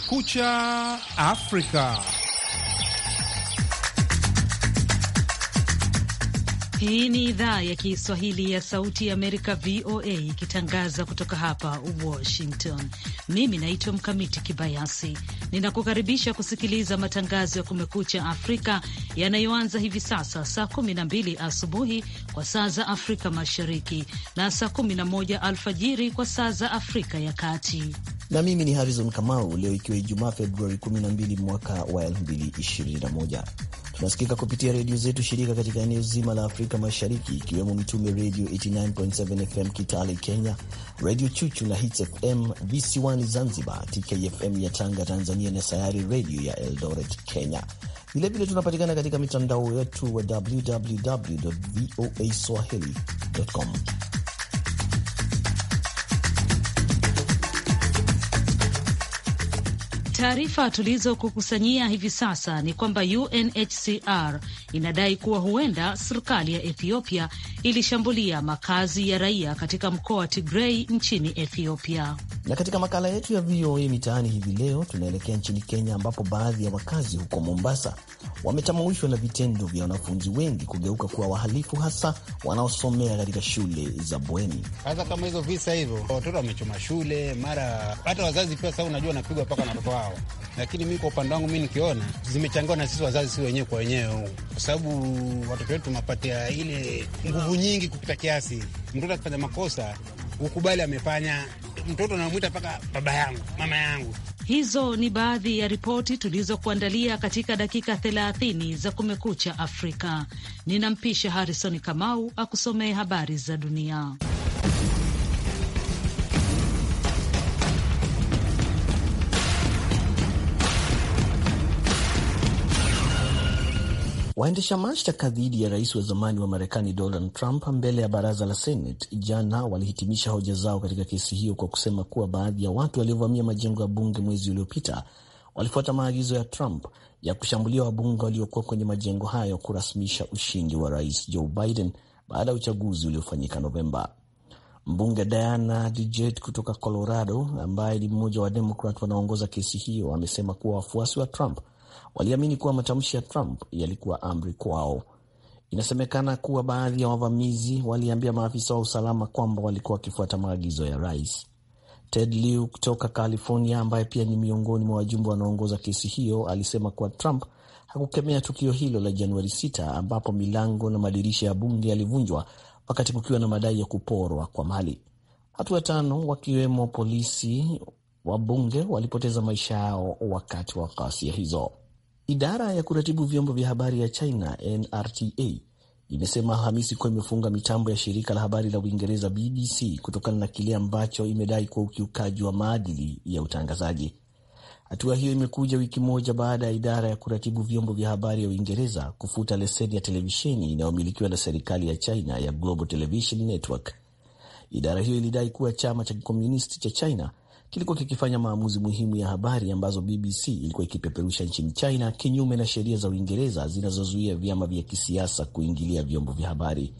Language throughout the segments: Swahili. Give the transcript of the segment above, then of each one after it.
Kumekucha Afrika. Hii ni idhaa ya Kiswahili ya Sauti ya Amerika, VOA, ikitangaza kutoka hapa Washington. Mimi naitwa Mkamiti Kibayasi, ninakukaribisha kusikiliza matangazo ya Kumekucha Afrika yanayoanza hivi sasa saa 12 asubuhi kwa saa za Afrika Mashariki na saa 11 alfajiri kwa saa za Afrika ya Kati na mimi ni Harrison Kamau. Leo ikiwa Ijumaa Februari 12 mwaka wa 2021 Tunasikika kupitia redio zetu shirika katika eneo zima la Afrika Mashariki, ikiwemo Mitume Redio 89.7 FM Kitale Kenya, Redio Chuchu na Hits FM VC1 Zanzibar, TKFM ya Tanga Tanzania na Sayari Redio ya Eldoret Kenya. Vilevile tunapatikana katika mitandao yetu wa www voa swahili.com. Taarifa tulizokukusanyia hivi sasa ni kwamba UNHCR inadai kuwa huenda serikali ya Ethiopia ilishambulia makazi ya raia katika mkoa wa Tigrei nchini Ethiopia. Na katika makala yetu ya VOA Mitaani hivi leo tunaelekea nchini Kenya, ambapo baadhi ya wakazi huko Mombasa wametamaushwa na vitendo vya wanafunzi wengi kugeuka kuwa wahalifu, hasa wanaosomea katika shule za bweni. Hata kama hizo visa hivyo, watoto wamechoma shule, mara hata wazazi pia. Sasa unajua wanapigwa mpaka na watoto wao, lakini mi kwa upande wangu mi nikiona zimechangiwa na sisi wazazi, si wenyewe kwa wenyewe, kwa sababu watoto wetu tunapatia ile nguvu nguvu nyingi kupita kiasi. Mtoto akifanya makosa ukubali amefanya, mtoto anamwita mpaka baba yangu, mama yangu. Hizo ni baadhi ya ripoti tulizokuandalia katika dakika 30 za Kumekucha Afrika. Ninampisha Harrison Kamau akusomee habari za dunia. Waendesha mashtaka dhidi ya rais wa zamani wa Marekani Donald Trump mbele ya baraza la Senate jana walihitimisha hoja zao katika kesi hiyo kwa kusema kuwa baadhi ya watu waliovamia majengo ya bunge mwezi uliopita walifuata maagizo ya Trump ya kushambulia wabunge waliokuwa kwenye majengo hayo kurasmisha ushindi wa rais Joe Biden baada ya uchaguzi uliofanyika Novemba. Mbunge Diana Dijet kutoka Colorado, ambaye ni mmoja wa Demokrat wanaoongoza kesi hiyo, amesema kuwa wafuasi wa Trump waliamini kuwa matamshi ya Trump yalikuwa amri kwao. Inasemekana kuwa baadhi ya wavamizi waliambia maafisa wa usalama kwamba walikuwa wakifuata maagizo ya rais. Ted Lieu kutoka California, ambaye pia ni miongoni mwa wajumbe wanaoongoza kesi hiyo, alisema kuwa Trump hakukemea tukio hilo la Januari 6 ambapo milango na madirisha ya bunge yalivunjwa wakati kukiwa na madai ya kuporwa kwa mali. Watu watano wakiwemo polisi wa bunge walipoteza maisha yao wakati wa ghasia hizo. Idara ya kuratibu vyombo vya habari ya China NRTA imesema Alhamisi kuwa imefunga mitambo ya shirika la habari la Uingereza BBC kutokana na kile ambacho imedai kuwa ukiukaji wa maadili ya utangazaji. Hatua hiyo imekuja wiki moja baada ya idara ya kuratibu vyombo vya habari ya Uingereza kufuta leseni ya televisheni inayomilikiwa na serikali ya China ya Global Television Network. Idara hiyo ilidai kuwa chama cha kikomunisti cha China kilikuwa kikifanya maamuzi muhimu ya habari ambazo BBC ilikuwa ikipeperusha nchini China kinyume na sheria za Uingereza zinazozuia vyama vya kisiasa kuingilia vyombo vya habari.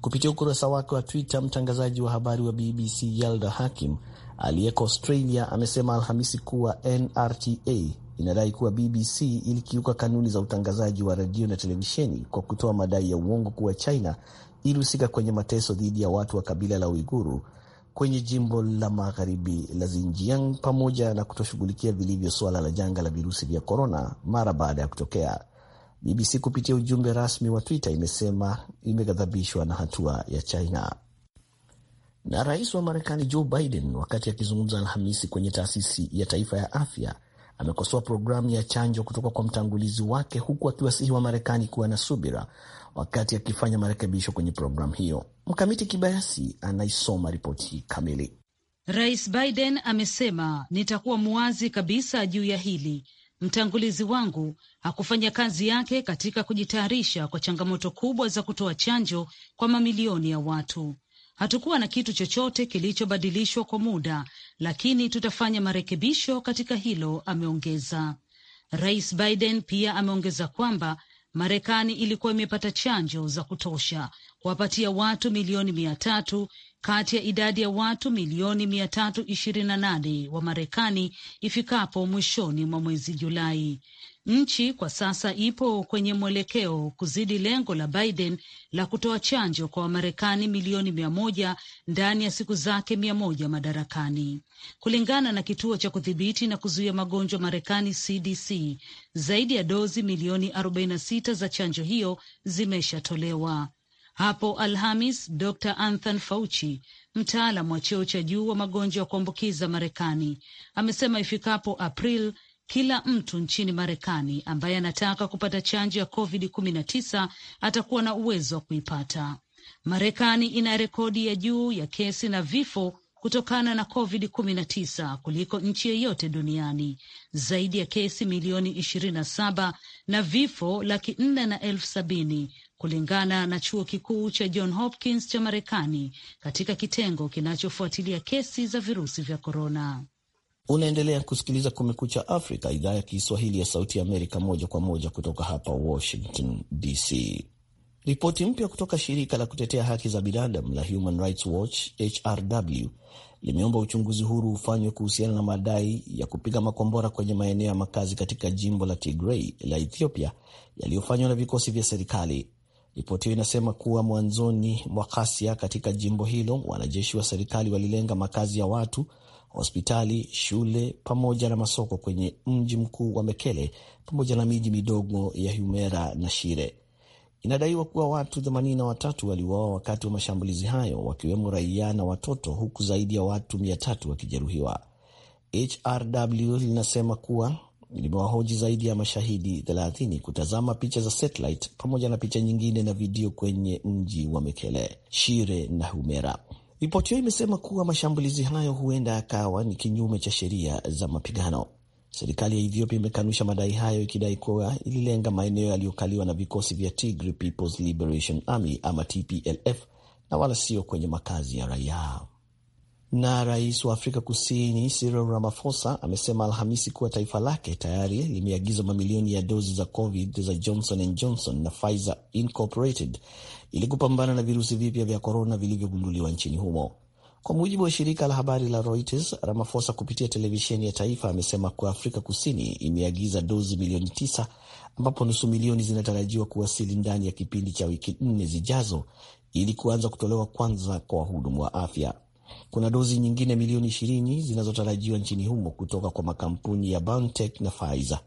Kupitia ukurasa wake wa Twitter, mtangazaji wa habari wa BBC Yalda Hakim aliyeko Australia amesema Alhamisi kuwa NRTA inadai kuwa BBC ilikiuka kanuni za utangazaji wa redio na televisheni kwa kutoa madai ya uongo kuwa China ilihusika kwenye mateso dhidi ya watu wa kabila la Uiguru kwenye jimbo la magharibi la Xinjiang pamoja na kutoshughulikia vilivyo suala la janga la virusi vya korona mara baada ya kutokea. BBC kupitia ujumbe rasmi wa Twitter imesema imeghadhabishwa na hatua ya China. Na rais wa Marekani Joe Biden, wakati akizungumza Alhamisi kwenye taasisi ya taifa ya afya, amekosoa programu ya chanjo kutoka kwa mtangulizi wake, huku akiwasihi wa Marekani kuwa na subira wakati akifanya marekebisho kwenye programu hiyo. Mkamiti Kibayasi anaisoma ripoti hii kamili. Rais Biden amesema, nitakuwa muwazi kabisa juu ya hili. Mtangulizi wangu hakufanya kazi yake katika kujitayarisha kwa changamoto kubwa za kutoa chanjo kwa mamilioni ya watu. Hatukuwa na kitu chochote kilichobadilishwa kwa muda, lakini tutafanya marekebisho katika hilo, ameongeza. Rais Biden pia ameongeza kwamba Marekani ilikuwa imepata chanjo za kutosha kuwapatia watu milioni mia tatu kati ya idadi ya watu milioni mia tatu ishirini na nane wa Marekani ifikapo mwishoni mwa mwezi Julai. Nchi kwa sasa ipo kwenye mwelekeo kuzidi lengo la Biden la kutoa chanjo kwa Wamarekani milioni mia moja ndani ya siku zake mia moja madarakani, kulingana na kituo cha kudhibiti na kuzuia magonjwa Marekani, CDC. Zaidi ya dozi milioni 46 za chanjo hiyo zimeshatolewa. Hapo Alhamis, Dr Anthony Fauci, mtaalam wa cheo cha juu wa magonjwa ya kuambukiza Marekani, amesema ifikapo April kila mtu nchini Marekani ambaye anataka kupata chanjo ya COVID-19 atakuwa na uwezo wa kuipata. Marekani ina rekodi ya juu ya kesi na vifo kutokana na COVID-19 kuliko nchi yeyote duniani, zaidi ya kesi milioni 27 na vifo laki nne na elfu sabini kulingana na chuo kikuu cha John Hopkins cha Marekani katika kitengo kinachofuatilia kesi za virusi vya korona. Unaendelea kusikiliza Kumekucha Afrika, idhaa ya Kiswahili ya Sauti ya Amerika, moja kwa moja kutoka hapa Washington DC. Ripoti mpya kutoka shirika la kutetea haki za binadamu la Human Rights Watch HRW limeomba uchunguzi huru ufanywe kuhusiana na madai ya kupiga makombora kwenye maeneo ya makazi katika jimbo la Tigray la Ethiopia yaliyofanywa na vikosi vya serikali. Ripoti hiyo inasema kuwa mwanzoni mwa ghasia katika jimbo hilo, wanajeshi wa serikali walilenga makazi ya watu hospitali, shule pamoja na masoko kwenye mji mkuu wa Mekele pamoja na miji midogo ya Humera na Shire. Inadaiwa kuwa watu 83 waliuawa wakati wa mashambulizi hayo, wakiwemo raia na watoto, huku zaidi ya watu 300 wakijeruhiwa. HRW linasema kuwa limewahoji zaidi ya mashahidi 30 kutazama picha za satellite pamoja na picha nyingine na video kwenye mji wa Mekele, Shire na Humera. Ripoti hiyo imesema kuwa mashambulizi hayo huenda yakawa ni kinyume cha sheria za mapigano. Serikali ya Ethiopia imekanusha madai hayo, ikidai kuwa ililenga maeneo yaliyokaliwa na vikosi vya Tigray People's Liberation Army ama TPLF na wala sio kwenye makazi ya raia. Na rais wa Afrika Kusini Cyril Ramaphosa amesema Alhamisi kuwa taifa lake tayari limeagiza mamilioni ya dozi za COVID za Johnson and Johnson na Pfizer Incorporated ili kupambana na virusi vipya vya korona vilivyogunduliwa nchini humo. Kwa mujibu wa shirika la habari la Reuters, Ramaphosa kupitia televisheni ya taifa amesema kuwa Afrika Kusini imeagiza dozi milioni tisa ambapo nusu milioni zinatarajiwa kuwasili ndani ya kipindi cha wiki nne zijazo ili kuanza kutolewa kwanza kwa wahudumu wa afya. Kuna dozi nyingine milioni ishirini zinazotarajiwa nchini humo kutoka kwa makampuni ya BioNTech na Pfizer.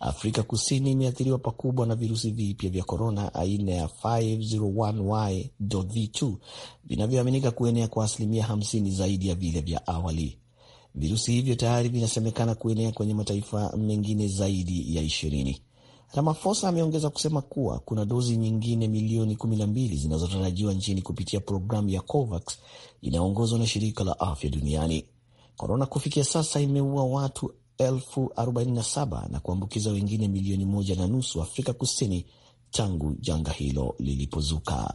Afrika Kusini imeathiriwa pakubwa na virusi vipya vya korona aina ya 501Y.V2 vinavyoaminika kuenea kwa asilimia 50 zaidi ya vile vya awali. Virusi hivyo tayari vinasemekana kuenea kwenye mataifa mengine zaidi ya ishirini. Ramaphosa ameongeza kusema kuwa kuna dozi nyingine milioni 12 zinazotarajiwa nchini kupitia programu ya COVAX inayoongozwa na shirika la afya duniani. Korona kufikia sasa imeua watu elfu 47 na kuambukiza wengine milioni moja na nusu Afrika Kusini tangu janga hilo lilipozuka.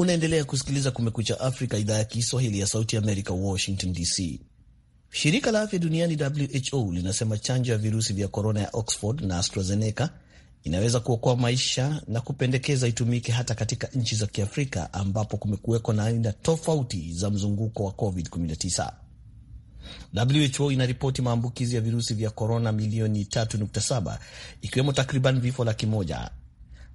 Unaendelea kusikiliza Kumekucha Afrika, idhaa ya Kiswahili ya Sauti Amerika, Washington DC. Shirika la afya duniani WHO linasema chanjo ya virusi vya korona ya Oxford na AstraZeneca inaweza kuokoa maisha na kupendekeza itumike hata katika nchi za Kiafrika ambapo kumekuweko na aina tofauti za mzunguko wa COVID-19. WHO inaripoti maambukizi ya virusi vya korona milioni 3.7 ikiwemo takriban vifo laki moja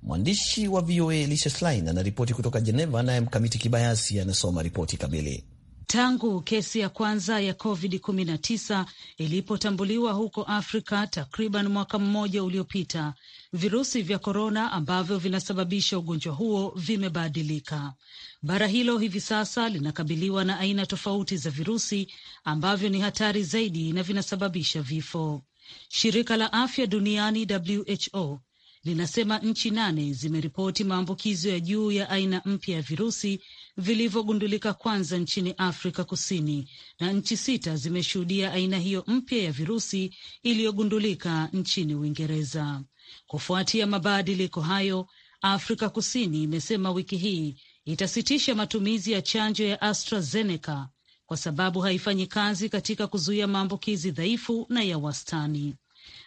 Mwandishi wa VOA Lisha Schlein anaripoti kutoka Jeneva, naye Mkamiti Kibayasi anasoma ripoti kamili. Tangu kesi ya kwanza ya COVID-19 ilipotambuliwa huko Afrika takriban mwaka mmoja uliopita, virusi vya korona ambavyo vinasababisha ugonjwa huo vimebadilika. Bara hilo hivi sasa linakabiliwa na aina tofauti za virusi ambavyo ni hatari zaidi na vinasababisha vifo. Shirika la afya duniani WHO linasema nchi nane zimeripoti maambukizo ya juu ya aina mpya ya virusi vilivyogundulika kwanza nchini Afrika Kusini, na nchi sita zimeshuhudia aina hiyo mpya ya virusi iliyogundulika nchini Uingereza. Kufuatia mabadiliko hayo, Afrika Kusini imesema wiki hii itasitisha matumizi ya chanjo ya AstraZeneca kwa sababu haifanyi kazi katika kuzuia maambukizi dhaifu na ya wastani.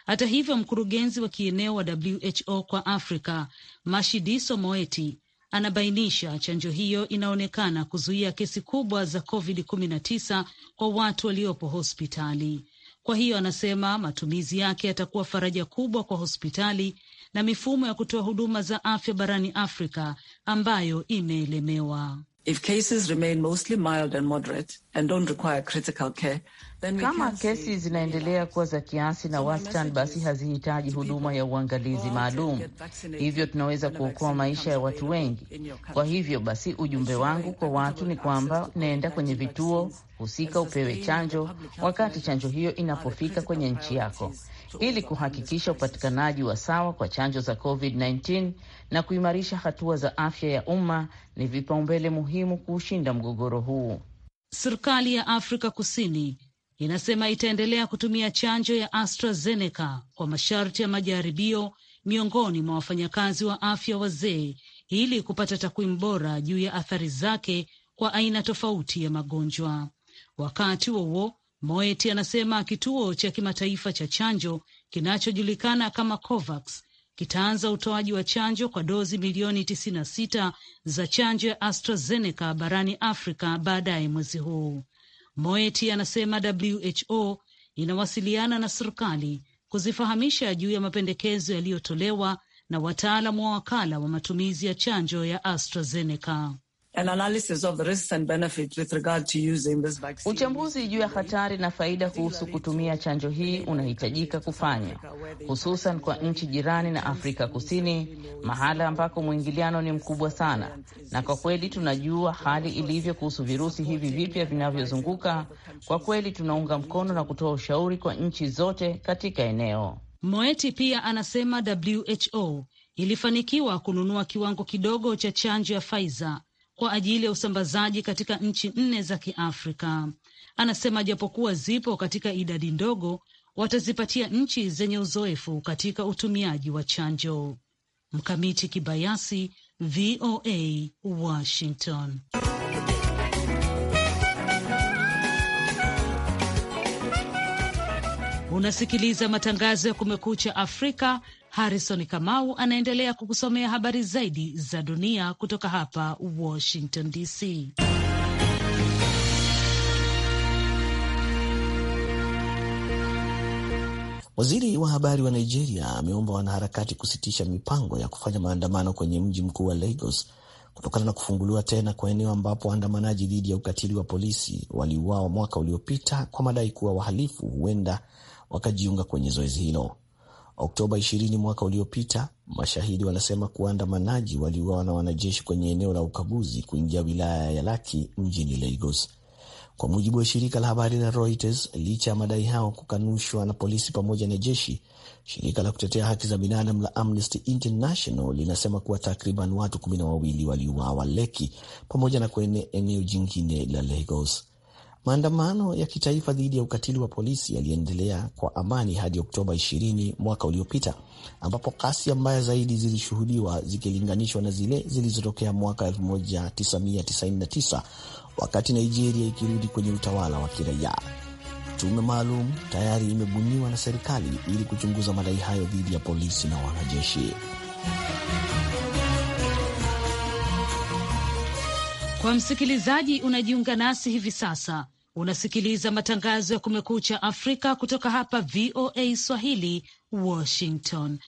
Hata hivyo, mkurugenzi wa kieneo wa WHO kwa Afrika Mashidiso Moeti anabainisha chanjo hiyo inaonekana kuzuia kesi kubwa za COVID-19 kwa watu waliopo hospitali. Kwa hiyo anasema matumizi yake yatakuwa faraja kubwa kwa hospitali na mifumo ya kutoa huduma za afya barani Afrika ambayo imeelemewa. If cases remain mostly mild and moderate and don't require critical care, then kama kesi zinaendelea kuwa za kiasi na wastani, basi hazihitaji huduma ya uangalizi maalum, hivyo tunaweza kuokoa maisha ya watu wengi. Kwa hivyo basi, ujumbe wangu kwa watu ni kwamba nenda kwenye vituo husika upewe chanjo wakati chanjo hiyo inapofika kwenye nchi yako ili kuhakikisha upatikanaji wa sawa kwa chanjo za COVID-19 na kuimarisha hatua za afya ya umma ni vipaumbele muhimu kuushinda mgogoro huu. Serikali ya Afrika Kusini inasema itaendelea kutumia chanjo ya AstraZeneca kwa masharti ya majaribio miongoni mwa wafanyakazi wa afya wazee ili kupata takwimu bora juu ya athari zake kwa aina tofauti ya magonjwa. Wakati huo huo, Moet anasema kituo cha kimataifa cha chanjo kinachojulikana kama COVAX kitaanza utoaji wa chanjo kwa dozi milioni 96 za chanjo ya AstraZeneca barani Afrika baadaye mwezi huu. Moet anasema WHO inawasiliana na serikali kuzifahamisha juu ya mapendekezo yaliyotolewa na wataalamu wa wakala wa matumizi ya chanjo ya AstraZeneca. Uchambuzi juu ya hatari na faida kuhusu kutumia chanjo hii unahitajika kufanywa hususan kwa nchi jirani na Afrika Kusini, mahala ambako mwingiliano ni mkubwa sana, na kwa kweli tunajua hali ilivyo kuhusu virusi hivi vipya vinavyozunguka. Kwa kweli tunaunga mkono na kutoa ushauri kwa nchi zote katika eneo. Moeti pia anasema WHO ilifanikiwa kununua kiwango kidogo cha chanjo ya Pfizer kwa ajili ya usambazaji katika nchi nne za Kiafrika. Anasema japokuwa zipo katika idadi ndogo, watazipatia nchi zenye uzoefu katika utumiaji wa chanjo. Mkamiti Kibayasi, VOA, Washington. Unasikiliza matangazo ya Kumekucha Afrika Harrison Kamau anaendelea kukusomea habari zaidi za dunia kutoka hapa Washington DC. Waziri wa habari wa Nigeria ameomba wanaharakati kusitisha mipango ya kufanya maandamano kwenye mji mkuu wa Lagos kutokana na kufunguliwa tena kwa eneo ambapo waandamanaji dhidi ya ukatili wa polisi waliuawa mwaka uliopita kwa madai kuwa wahalifu huenda wakajiunga kwenye zoezi hilo. Oktoba 20 mwaka uliopita, mashahidi wanasema kuwaandamanaji waliuawa na wanajeshi kwenye eneo la ukaguzi kuingia wilaya ya Laki mjini Lagos, kwa mujibu wa shirika la habari la Reuters. Licha ya madai hao kukanushwa na polisi pamoja na jeshi, shirika la kutetea haki za binadamu la Amnesty International linasema kuwa takriban watu kumi na wawili waliuawa Leki pamoja na kwenye eneo jingine la Lagos. Maandamano ya kitaifa dhidi ya ukatili wa polisi yaliendelea kwa amani hadi Oktoba 20 mwaka uliopita, ambapo kasi mbaya zaidi zilishuhudiwa zikilinganishwa na zile zilizotokea mwaka 1999 wakati Nigeria ikirudi kwenye utawala wa kiraia. Tume maalum tayari imebuniwa na serikali ili kuchunguza madai hayo dhidi ya polisi na wanajeshi. Kwa msikilizaji unajiunga nasi hivi sasa Unasikiliza matangazo ya Kumekucha Afrika kutoka hapa VOA Swahili, Washington.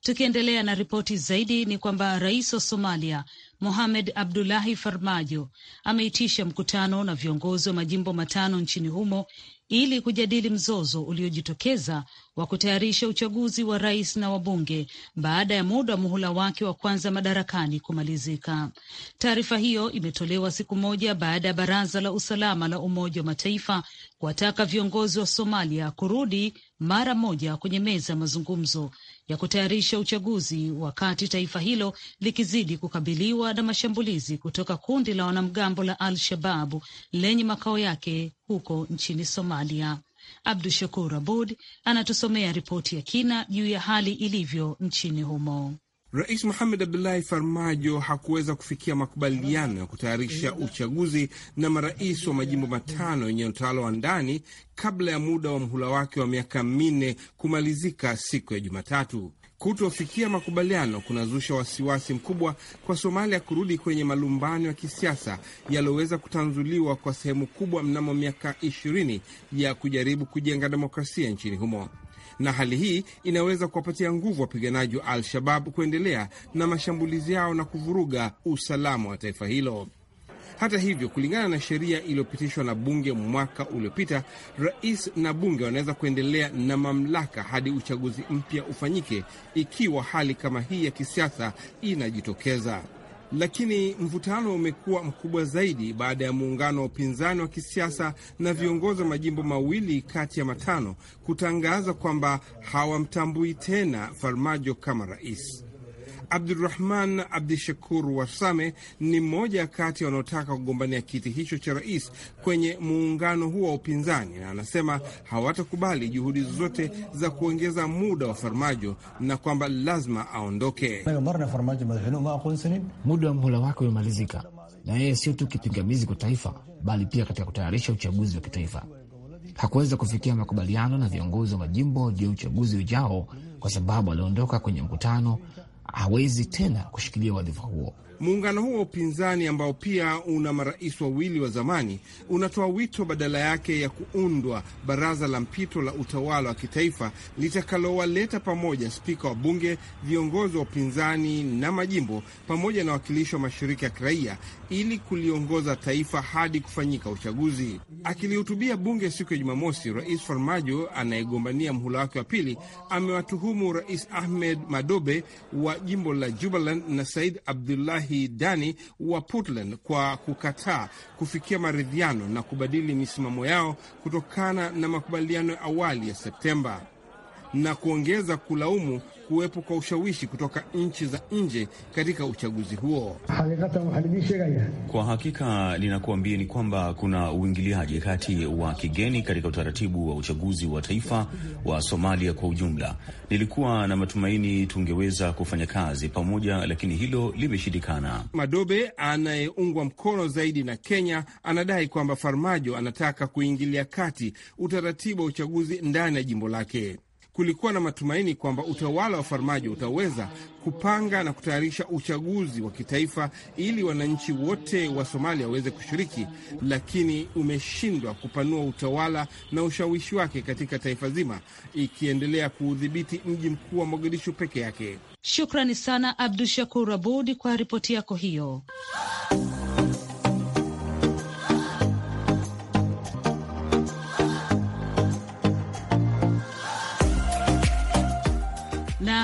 Tukiendelea na ripoti zaidi, ni kwamba rais wa Somalia Mohamed Abdullahi Farmajo ameitisha mkutano na viongozi wa majimbo matano nchini humo ili kujadili mzozo uliojitokeza wa kutayarisha uchaguzi wa rais na wabunge baada ya muda wa muhula wake wa kwanza madarakani kumalizika. Taarifa hiyo imetolewa siku moja baada ya baraza la usalama la Umoja wa Mataifa kuwataka viongozi wa Somalia kurudi mara moja kwenye meza ya mazungumzo ya kutayarisha uchaguzi wakati taifa hilo likizidi kukabiliwa na mashambulizi kutoka kundi la wanamgambo la Al-Shababu lenye makao yake huko nchini Somalia. Abdu Shakur Abud anatusomea ripoti ya kina juu ya hali ilivyo nchini humo. Rais muhamed Abdullahi Farmajo hakuweza kufikia makubaliano ya kutayarisha uchaguzi na marais wa majimbo matano yenye utawala wa ndani kabla ya muda wa mhula wake wa miaka minne kumalizika siku ya Jumatatu. Kutofikia makubaliano kunazusha wasiwasi mkubwa kwa Somalia kurudi kwenye malumbano ya kisiasa yaliyoweza kutanzuliwa kwa sehemu kubwa mnamo miaka ishirini ya kujaribu kujenga demokrasia nchini humo na hali hii inaweza kuwapatia nguvu wapiganaji wa Al-Shabab kuendelea na mashambulizi yao na kuvuruga usalama wa taifa hilo. Hata hivyo, kulingana na sheria iliyopitishwa na bunge mwaka uliopita, rais na bunge wanaweza kuendelea na mamlaka hadi uchaguzi mpya ufanyike, ikiwa hali kama hii ya kisiasa inajitokeza lakini mvutano umekuwa mkubwa zaidi baada ya muungano wa upinzani wa kisiasa na viongozi wa majimbo mawili kati ya matano kutangaza kwamba hawamtambui tena Farmajo kama rais. Abdurahman Abdishakur Wasame ni mmoja kati ya wanaotaka kugombania kiti hicho cha rais kwenye muungano huo wa upinzani, na anasema hawatakubali juhudi zozote za kuongeza muda wa Farmajo na kwamba lazima aondoke. Muda wa mhula wake umemalizika, na yeye sio tu kipingamizi kwa taifa, bali pia katika kutayarisha uchaguzi wa kitaifa. Hakuweza kufikia makubaliano na viongozi wa majimbo juu ya uchaguzi ujao kwa sababu aliondoka kwenye mkutano hawezi tena kushikilia wadhifa huo. Muungano huo wa upinzani ambao pia una marais wawili wa zamani unatoa wito badala yake ya kuundwa baraza la mpito la utawala wa kitaifa litakalowaleta pamoja spika wa bunge, viongozi wa upinzani na majimbo, pamoja na wakilishi wa mashirika ya kiraia ili kuliongoza taifa hadi kufanyika uchaguzi. Akilihutubia bunge siku ya Jumamosi, Rais Farmajo anayegombania mhula wake wa pili amewatuhumu Rais Ahmed Madobe wa jimbo la Jubaland na Said Abdullahi Dani wa Puntland kwa kukataa kufikia maridhiano na kubadili misimamo yao kutokana na makubaliano ya awali ya Septemba na kuongeza kulaumu kuwepo kwa ushawishi kutoka nchi za nje katika uchaguzi huo. Kwa hakika ninakuambia ni kwamba kuna uingiliaji kati wa kigeni katika utaratibu wa uchaguzi wa taifa wa Somalia kwa ujumla. Nilikuwa na matumaini tungeweza kufanya kazi pamoja, lakini hilo limeshindikana. Madobe anayeungwa mkono zaidi na Kenya anadai kwamba Farmajo anataka kuingilia kati utaratibu wa uchaguzi ndani ya jimbo lake kulikuwa na matumaini kwamba utawala wa Farmajo utaweza kupanga na kutayarisha uchaguzi wa kitaifa ili wananchi wote wa Somalia waweze kushiriki, lakini umeshindwa kupanua utawala na ushawishi wake katika taifa zima, ikiendelea kuudhibiti mji mkuu wa Mogadishu peke yake. Shukrani sana Abdu Shakur Abud kwa ripoti yako hiyo.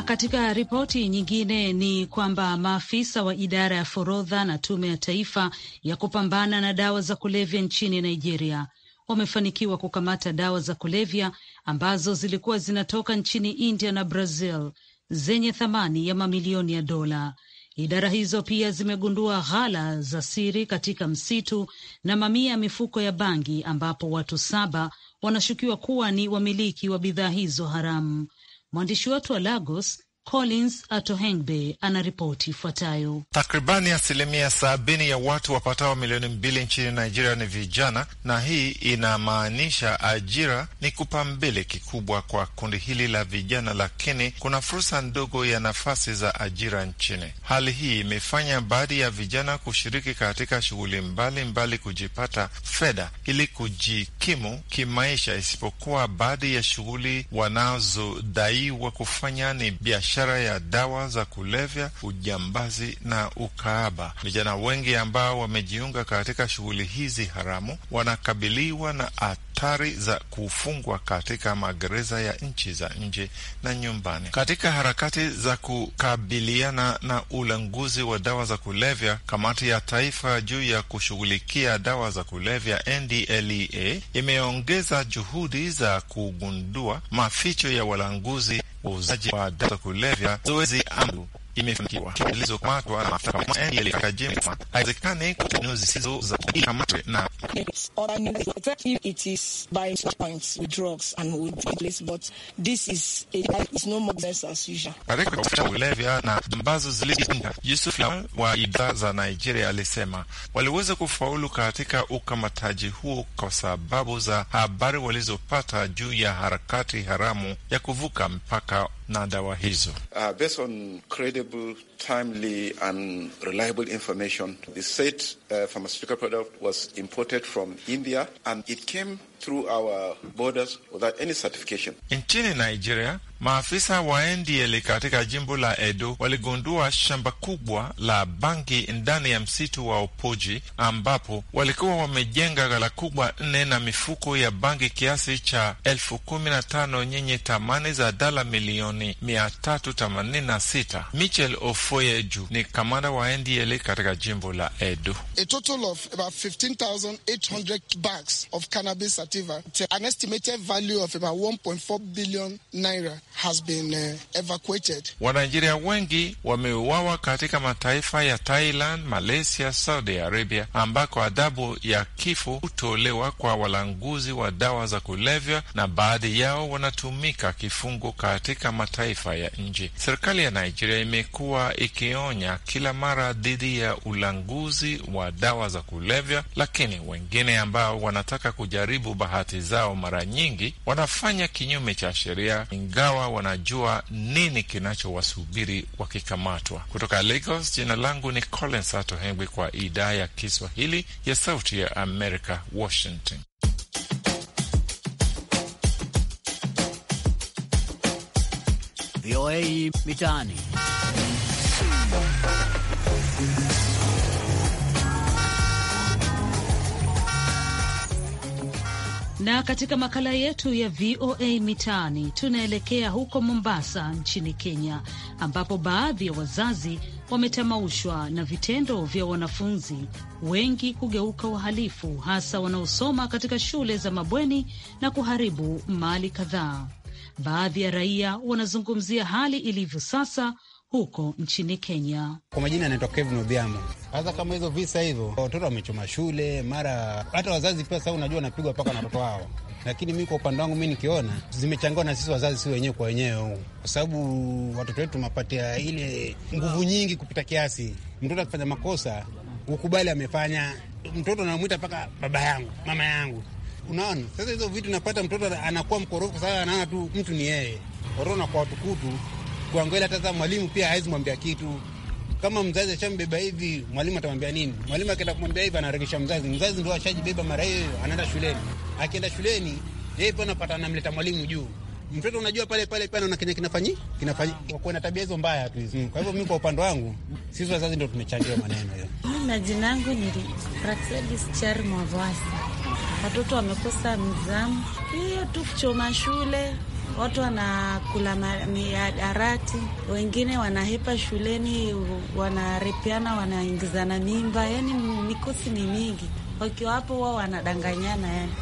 katika ripoti nyingine ni kwamba maafisa wa idara ya forodha na tume ya taifa ya kupambana na dawa za kulevya nchini Nigeria wamefanikiwa kukamata dawa za kulevya ambazo zilikuwa zinatoka nchini India na Brazil zenye thamani ya mamilioni ya dola. Idara hizo pia zimegundua ghala za siri katika msitu na mamia ya mifuko ya bangi ambapo watu saba wanashukiwa kuwa ni wamiliki wa bidhaa hizo haramu. Mwandishi wetu wa Lagos, Collins Atohengbe anaripoti ifuatayo. Takribani asilimia sabini ya watu wapatao milioni mbili nchini Nigeria ni vijana, na hii inamaanisha ajira ni kipaumbele kikubwa kwa kundi hili la vijana, lakini kuna fursa ndogo ya nafasi za ajira nchini. Hali hii imefanya baadhi ya vijana kushiriki katika shughuli mbalimbali kujipata fedha ili kujikimu kimaisha, isipokuwa baadhi ya shughuli wanazodaiwa kufanya ni biashara biashara ya dawa za kulevya, ujambazi na ukaaba. Vijana wengi ambao wamejiunga katika shughuli hizi haramu wanakabiliwa na hatari za kufungwa katika magereza ya nchi za nje na nyumbani. Katika harakati za kukabiliana na ulanguzi wa dawa za kulevya, kamati ya taifa juu ya kushughulikia dawa za kulevya NDLEA imeongeza juhudi za kugundua maficho ya walanguzi uuzaji wa dawa za kulevya, zoezi ambalo imefanikiwa zilizokamatwa na mafuta ile ya jema haiwezekane kutenua zisizo za kamatwe na katika ulevya na ambazo ziliinda. Yusuf wa idhaa za Nigeria alisema waliweza kufaulu katika ukamataji huo kwa sababu za habari walizopata juu ya harakati haramu ya kuvuka mpaka na dawa hizo uh, timely and reliable information. The said uh, pharmaceutical product was imported from India and it came through our borders without any certification. Nchini Nigeria, maafisa wa NDL e katika jimbo la Edo waligundua shamba kubwa la bangi ndani ya msitu wa Opoji ambapo walikuwa wamejenga ghala kubwa nne na mifuko ya bangi kiasi cha elfu kumi na tano nyenye thamani za dola milioni mia tatu themanini na sita. Michel Ofoyeju ni kamanda wa NDL e katika jimbo la Edo. A total of about 15,800 bags of cannabis Sativa. Uh, to an estimated value of about 1.4 billion naira has been uh, evacuated. Wanaijeria wengi wameuawa katika mataifa ya Thailand, Malaysia, Saudi Arabia ambako adabu ya kifo hutolewa kwa walanguzi wa dawa za kulevya na baadhi yao wanatumika kifungo katika mataifa ya nje. Serikali ya Nigeria imekuwa ikionya kila mara dhidi ya ulanguzi wa dawa za kulevya, lakini wengine ambao wanataka kujaribu kuomba hati zao, mara nyingi wanafanya kinyume cha sheria, ingawa wanajua nini kinachowasubiri wakikamatwa. Kutoka Lagos, jina langu ni Collins Atohengwi kwa idhaa ya Kiswahili ya Sauti ya Amerika, Washington. VOA Mitaani. Na katika makala yetu ya VOA Mitaani tunaelekea huko Mombasa nchini Kenya, ambapo baadhi ya wazazi wametamaushwa na vitendo vya wanafunzi wengi kugeuka wahalifu, hasa wanaosoma katika shule za mabweni na kuharibu mali kadhaa. Baadhi ya raia wanazungumzia hali ilivyo sasa huko nchini Kenya. Kwa majina anaitwa Kevin Odhiamo. Sasa kama hizo visa hivyo, watoto wamechoma shule, mara hata wazazi pia, saa unajua, wanapigwa mpaka na watoto wao lakini mi kwa upande wangu mi nikiona zimechangiwa na sisi wazazi, si wenyewe kwa wenyewe, kwa sababu watoto wetu mapatia ile nguvu nyingi kupita kiasi. Mtoto akifanya makosa ukubali amefanya, mtoto anamwita mpaka baba yangu, mama yangu. Unaona, sasa hizo vitu napata mtoto anakuwa mkorofu, sasa anaona tu mtu ni yeye, watoto nakuwa watukutu kwa Sasa mwalimu pia hawezi mwambia kitu. Kama mzazi ashambeba hivi, mwalimu atamwambia nini? Mwalimu akienda kumwambia hivi, anarekesha mzazi. Mzazi ndo ashajibeba mara hiyo, anaenda shuleni. Akienda shuleni, yeye pia anapata, anamleta mwalimu juu mtoto unajua, pale pale pia na kenye kinafanyi kinafanyi kwa kuwa na tabia hizo mbaya tu hizo. Kwa hivyo mimi kwa upande wangu, sisi wazazi ndio tumechangia maneno hayo. Mimi na jina langu ni Praxedis Charmavasi. Watoto wamekosa mzamu, hiyo tu kuchoma shule watu wanakula miadarati, wengine wanahepa shuleni, wanarepeana, wanaingizana mimba, yani mikosi ni mingi. Wakiwa hapo wao wanadanganyana, yani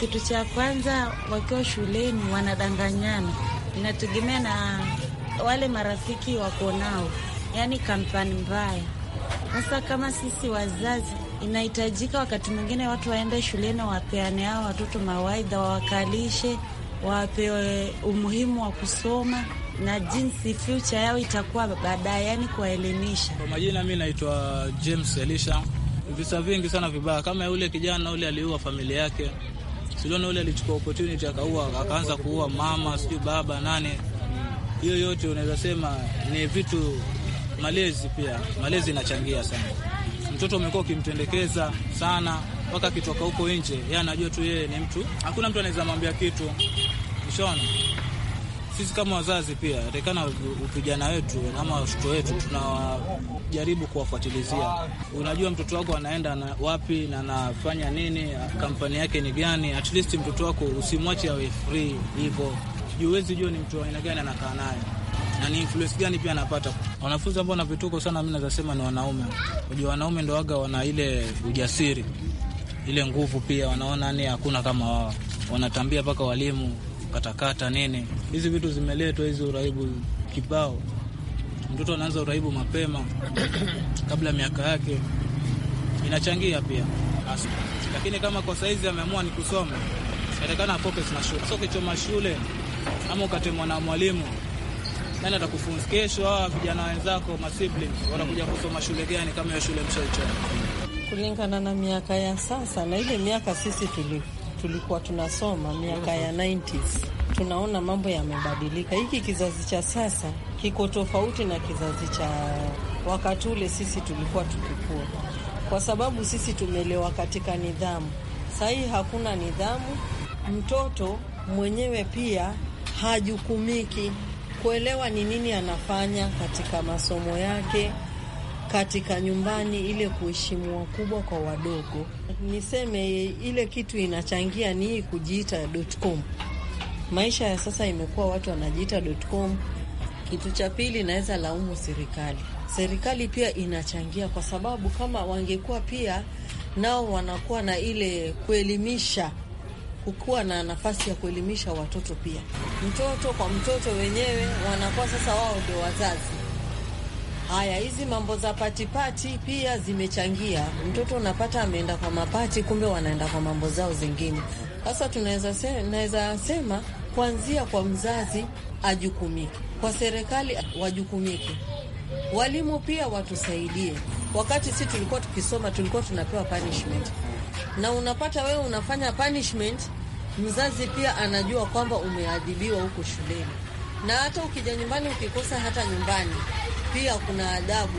kitu cha kwanza, wakiwa shuleni wanadanganyana, inategemea na wale marafiki wako nao, yani kampani mbaya. Sasa kama sisi wazazi inahitajika wakati mwingine watu waende shuleni wapeane hao watoto mawaidha, wawakalishe wapewe umuhimu wa kusoma na jinsi future yao itakuwa baadaye, yani kuwaelimisha. Kwa majina, mi naitwa James Elisha. Visa vingi sana vibaya, kama yule kijana ule aliua familia yake, siliona ule alichukua opportunity akaua, akaanza kuua mama, sijui baba, nani. Hiyo yote unaweza sema ni vitu malezi, pia malezi inachangia sana. Mtoto umekuwa ukimtendekeza sana mpaka akitoka huko nje, yeye anajua tu yeye ni mtu, hakuna mtu anaweza mwambia kitu kushona. Sisi kama wazazi pia atakana vijana wetu ama watoto wetu tunawajaribu kuwafuatilizia. Unajua mtoto wako anaenda na wapi na anafanya nini, kampani yake ni gani? At least mtoto wako usimwache awe free hivyo, juu huwezi jua ni mtu wa aina gani anakaa naye na ni influence gani pia anapata. Wanafunzi ambao wana vituko sana, mi nazasema ni wanaume. Unajua wanaume ndo waga wana ile ujasiri, ile nguvu, pia wanaona ni hakuna kama wao, wanatambia mpaka walimu katakata nini. Hizi vitu zimeletwa hizi urahibu kibao, mtoto anaanza urahibu mapema kabla miaka yake, inachangia pia Lakini kama kwa saizi ameamua ni kusoma, inawezekana afocus na shule, sio kichoma shule ama ukatemwa na mwalimu nani atakufunza kesho? Hawa vijana wenzako masibling wanakuja kusoma shule gani kama hiyo shule mshaichoma? Kulingana na miaka ya sasa na ile miaka sisi tulio tulikuwa tunasoma miaka ya 90s, tunaona mambo yamebadilika. Hiki kizazi cha sasa kiko tofauti na kizazi cha wakati ule sisi tulikuwa tukikua, kwa sababu sisi tumelewa katika nidhamu. Sahii hakuna nidhamu, mtoto mwenyewe pia hajukumiki kuelewa ni nini anafanya katika masomo yake katika nyumbani, ile kuheshimu wakubwa kwa wadogo. Niseme ile kitu inachangia ni hii kujiita .com. Maisha ya sasa imekuwa watu wanajiita .com. Kitu cha pili, naweza laumu serikali. Serikali pia inachangia, kwa sababu kama wangekuwa pia nao wanakuwa na ile kuelimisha kukuwa na nafasi ya kuelimisha watoto pia, mtoto kwa mtoto wenyewe, wanakuwa sasa wao ndio wazazi Haya, hizi mambo za patipati pia zimechangia. Mtoto unapata ameenda kwa mapati, kumbe wanaenda kwa mambo zao zingine. Sasa tunaweza se, naweza sema kuanzia kwa mzazi ajukumike, kwa serikali wajukumike, walimu pia watusaidie. Wakati si tulikuwa tukisoma, tulikuwa tunapewa punishment, na unapata wewe unafanya punishment, mzazi pia anajua kwamba umeadhibiwa huko shuleni, na hata ukija nyumbani ukikosa hata nyumbani pia kuna adabu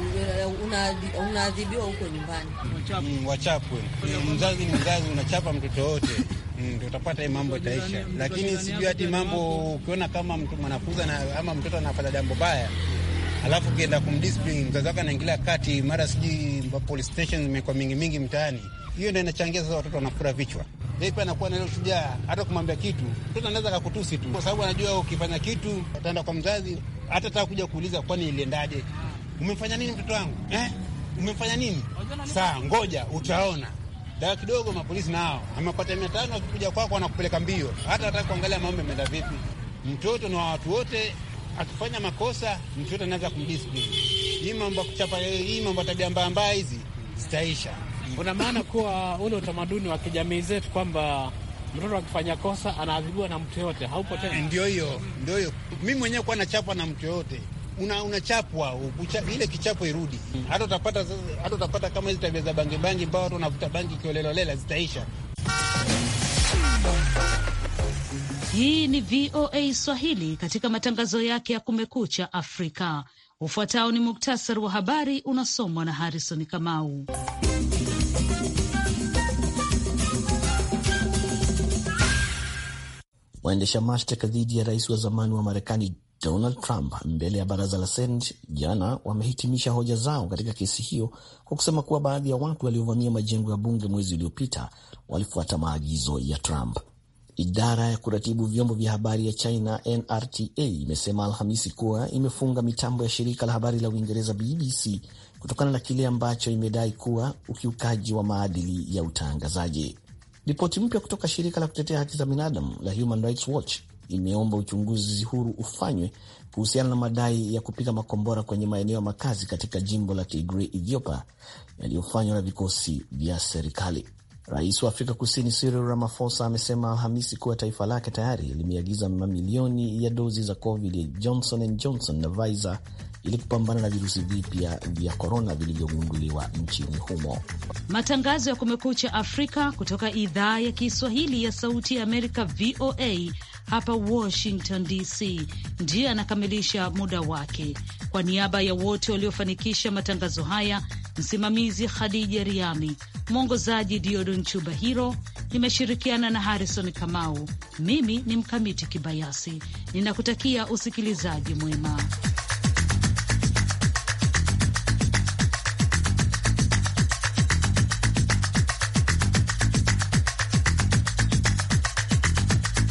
unaadhibiwa huko nyumbani. Mm. wachapwe. Mm, mm, mzazi ni mzazi, unachapa mtoto wote utapata hii mambo itaisha, lakini sijui hati mambo. Ukiona kama mtu mwanafunzi ama mtoto anafanya jambo baya alafu ukienda kumdiscipline mzazi wake anaingilia kati, mara sijui police station zimekuwa mingi mingi mtaani, hiyo ndio inachangia sasa watoto wanafura vichwa. Yeye pia anakuwa na ile shujaa, hata kumwambia kitu mtoto anaweza kakutusi tu, kwa sababu anajua ukifanya kitu ataenda kwa mzazi hata taka kuja kuuliza, kwani iliendaje? Umemfanya nini mtoto wangu eh? Umemfanya nini? Saa ngoja utaona. Dawa kidogo, mapolisi nao amepata mia tano, akikuja kwako anakupeleka mbio, hata hataki kuangalia mambo yameenda vipi. Mtoto na watu wote akifanya makosa mtoto anaweza kumdisipline. Hii mambo kuchapa, hii mambo tabia mbaya mbaya hizi zitaisha. Una maana kuwa ule utamaduni wa kijamii zetu kwamba Mtoto akifanya kosa anaadhibiwa na mtu yoyote, haupo tena. Eh, ndio hiyo, ndio hiyo. Mi mwenyewe kuwa nachapwa na mtu yoyote una ile kichapo irudi. Hata utapata hata utapata kama hizi tabia za bangi bangi, mbao watu wanavuta bangi kiolelolela zitaisha. Hii ni VOA Swahili katika matangazo yake ya Kumekucha Afrika. Ufuatao ni muktasari wa habari unasomwa na Harrison Kamau. waendesha mashtaka dhidi ya rais wa zamani wa Marekani Donald Trump mbele ya baraza la Seneti jana wamehitimisha hoja zao katika kesi hiyo kwa kusema kuwa baadhi ya watu waliovamia majengo ya bunge mwezi uliopita walifuata maagizo ya Trump. Idara ya kuratibu vyombo vya habari ya China NRTA imesema Alhamisi kuwa imefunga mitambo ya shirika la habari la Uingereza BBC kutokana na kile ambacho imedai kuwa ukiukaji wa maadili ya utangazaji. Ripoti mpya kutoka shirika la kutetea haki za binadamu la Human Rights Watch imeomba uchunguzi huru ufanywe kuhusiana na madai ya kupiga makombora kwenye maeneo ya makazi katika jimbo la Tigray, Ethiopia, yaliyofanywa na vikosi vya serikali. Rais wa Afrika Kusini Cyril Ramaphosa amesema Alhamisi kuwa taifa lake tayari limeagiza mamilioni ya dozi za Covid Johnson and Johnson na Pfizer ili kupambana na virusi vipya vya korona vilivyogunduliwa nchini humo. Matangazo ya Kumekucha Afrika kutoka idhaa ya Kiswahili ya Sauti ya Amerika, VOA hapa Washington DC, ndiye anakamilisha muda wake. Kwa niaba ya wote waliofanikisha matangazo haya, msimamizi Khadija Riami, mwongozaji Diodon hiro nimeshirikiana na Harrison Kamau. Mimi ni Mkamiti Kibayasi, ninakutakia usikilizaji mwema.